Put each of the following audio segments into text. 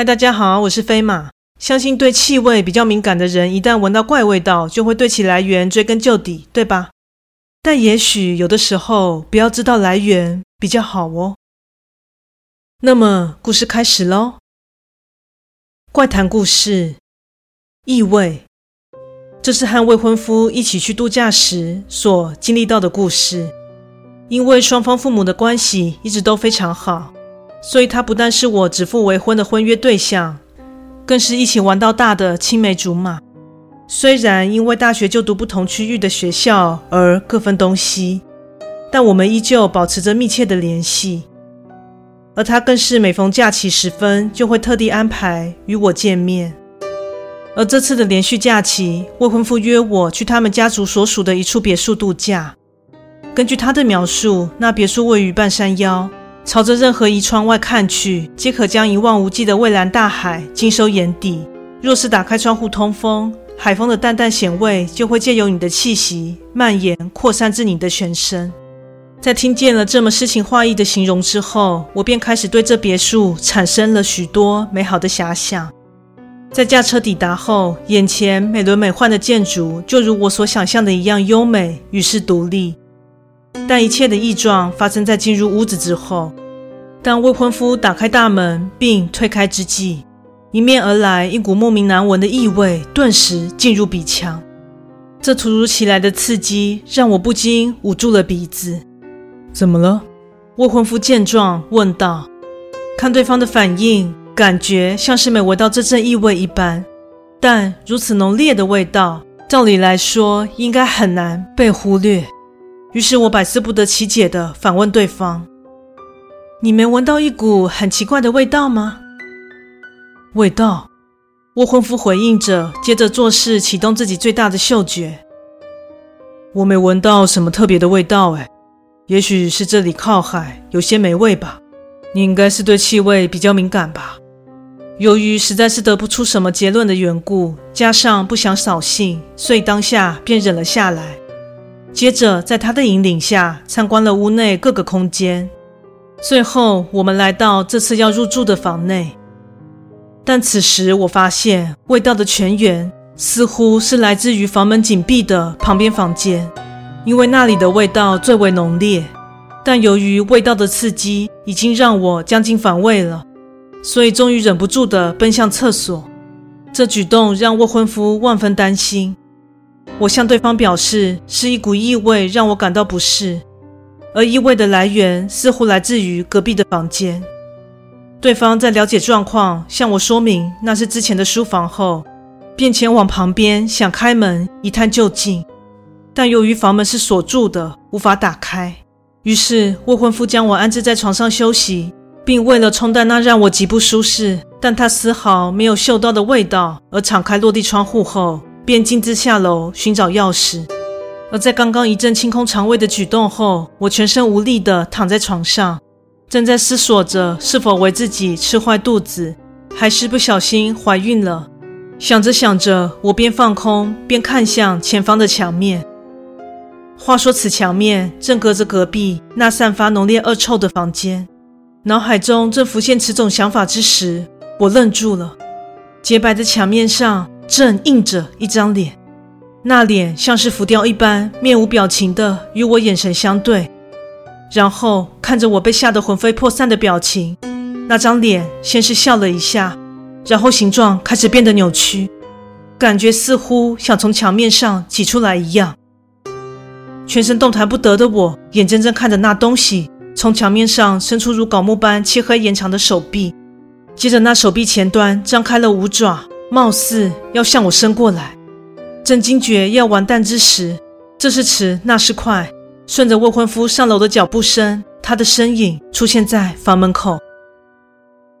嗨，大家好，我是飛馬。相信對氣味比較敏感的人，一旦聞到怪味道，就會對其來源追根究底，對吧？但也許有的時候，不要知道來源比較好哦。那麼，故事開始嘍。怪談故事，異味。這是和未婚夫一起去度假時所經歷到的故事。因為雙方父母的關係一直都非常好。所以，他不但是我指腹為婚的婚約對象，更是一起玩到大的青梅竹馬。雖然因為大學就讀不同區域的學校而各奔東西，但我們依舊保持着密切的聯繫。而他更是每逢假期時分，就會特地安排與我見面。而這次的連續假期，未婚夫約我去他們家族所屬的一處別墅度假。根據他的描述，那別墅位於半山腰。朝着任何一窗外看去，皆可將一望無際的蔚藍大海盡收眼底。若是打開窗戶通風，海風的淡淡鹹味就會借由你的氣息蔓延擴散至你的全身。在聽見了這麼詩情畫意的形容之後，我便開始對這別墅產生了許多美好的遐想。在駕車抵達後，眼前美輪美奐的建築就如我所想象的一樣優美，與世獨立。但一切的異狀發生在進入屋子之後。當未婚夫打開大門並推開之際，迎面而來一股莫名難聞的異味，頓時進入鼻腔。這突如其來的刺激讓我不禁捂住了鼻子。怎麼了？未婚夫見狀問道。看對方的反應，感覺像是沒聞到這陣異味一般。但如此濃烈的味道，照理來說應該很難被忽略。於是我百思不得其解的反問對方：“你沒聞到一股很奇怪的味道嗎？”“味道。”未婚夫回應着，接着做事啟動自己最大的嗅覺。“我沒聞到什麼特別的味道，哎，也許是這裡靠海，有些霉味吧。”“你應該是對氣味比較敏感吧？”由於實在是得不出什麼結論的緣故，加上不想掃興，所以當下便忍了下來。接着，在他的引領下，參觀了屋內各個空間，最後我們來到這次要入住的房內。但此時，我發現味道的泉源似乎是來自於房門緊閉的旁邊房間，因為那裡的味道最為濃烈。但由於味道的刺激已經讓我將近反胃了，所以終於忍不住地奔向廁所。這舉動讓未婚夫萬分擔心。我向對方表示，是一股異味讓我感到不適，而異味的來源似乎來自於隔壁的房間。對方在了解狀況，向我說明那是之前的書房後，便前往旁邊想開門一探究竟，但由於房門是鎖住的，無法打開。於是未婚夫將我安置在床上休息，並為了沖淡那讓我極不舒適，但他絲毫沒有嗅到的味道，而敞開落地窗戶後。便徑自下樓尋找鑰匙，而在剛剛一陣清空腸胃的舉動後，我全身無力地躺在床上，正在思索着是否為自己吃壞肚子，還是不小心懷孕了。想着想着，我邊放空，邊看向前方的牆面。話說，此牆面正隔着隔壁那散發濃烈惡臭的房間。腦海中正浮現此種想法之時，我愣住了。潔白的牆面上，正映着一張臉，那臉像是浮雕一般，面無表情的與我眼神相對，然後看着我被嚇得魂飛魄散的表情，那張臉先是笑了一下，然後形狀開始變得扭曲，感覺似乎想從牆面上擠出來一樣。全身動彈不得的我，眼睜睜看着那東西從牆面上伸出如槁木般漆黑延長的手臂，接着那手臂前端張開了五爪。貌似要向我伸過來，正驚覺要完蛋之時，這時遲那時快，順着未婚夫上樓的腳步聲，他的身影出現在房門口，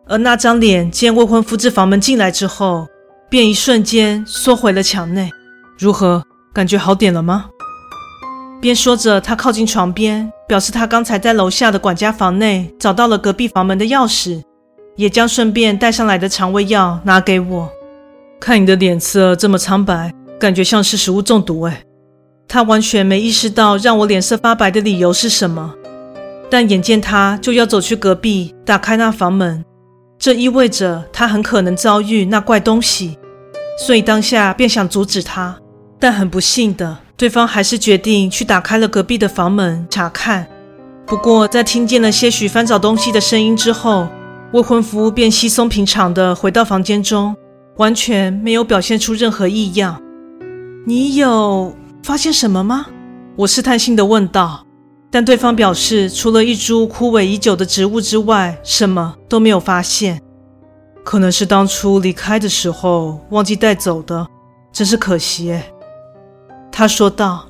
而那張臉見未婚夫自房門進來之後，便一瞬間縮回了牆內。如何？感覺好點了嗎？邊說着，他靠近床邊，表示他剛才在樓下的管家房內找到了隔壁房門的鑰匙，也將順便帶上來的腸胃藥拿給我。看你的臉色這麼蒼白，感覺像是食物中毒哎、欸。他完全沒意識到讓我臉色發白的理由是什麼，但眼見他就要走去隔壁打開那房門，這意味着他很可能遭遇那怪東西，所以當下便想阻止他。但很不幸的，對方還是決定去打開了隔壁的房門查看。不過在聽見了些許翻找東西的聲音之後，未婚夫便稀鬆平常的回到房間中。完全沒有表現出任何異樣。你有發現什麼嗎？我試探性的問道。但對方表示，除了一株枯萎已久的植物之外，什麼都沒有發現。可能是當初離開的時候忘記帶走的，真是可惜。他說道。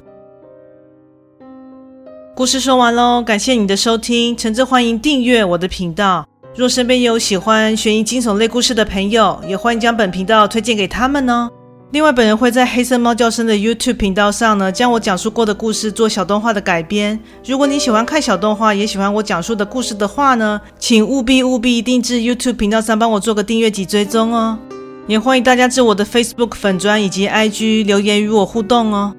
故事說完嘍，感謝你的收聽，誠摯歡迎訂閱我的頻道。若身邊也有喜歡懸疑驚悚類故事的朋友，也歡迎將本頻道推薦給他們哦。另外，本人會在黑色貓叫聲的 YouTube 頻道上呢，將我講述過的故事做小動畫的改編。如果你喜歡看小動畫，也喜歡我講述的故事的話呢，請務必務必一定至 YouTube 頻道上幫我做個訂閱及追蹤哦。也歡迎大家至我的 Facebook 粉專以及 IG 留言與我互動哦。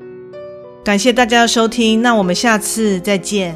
感謝大家的收聽，那我們下次再見。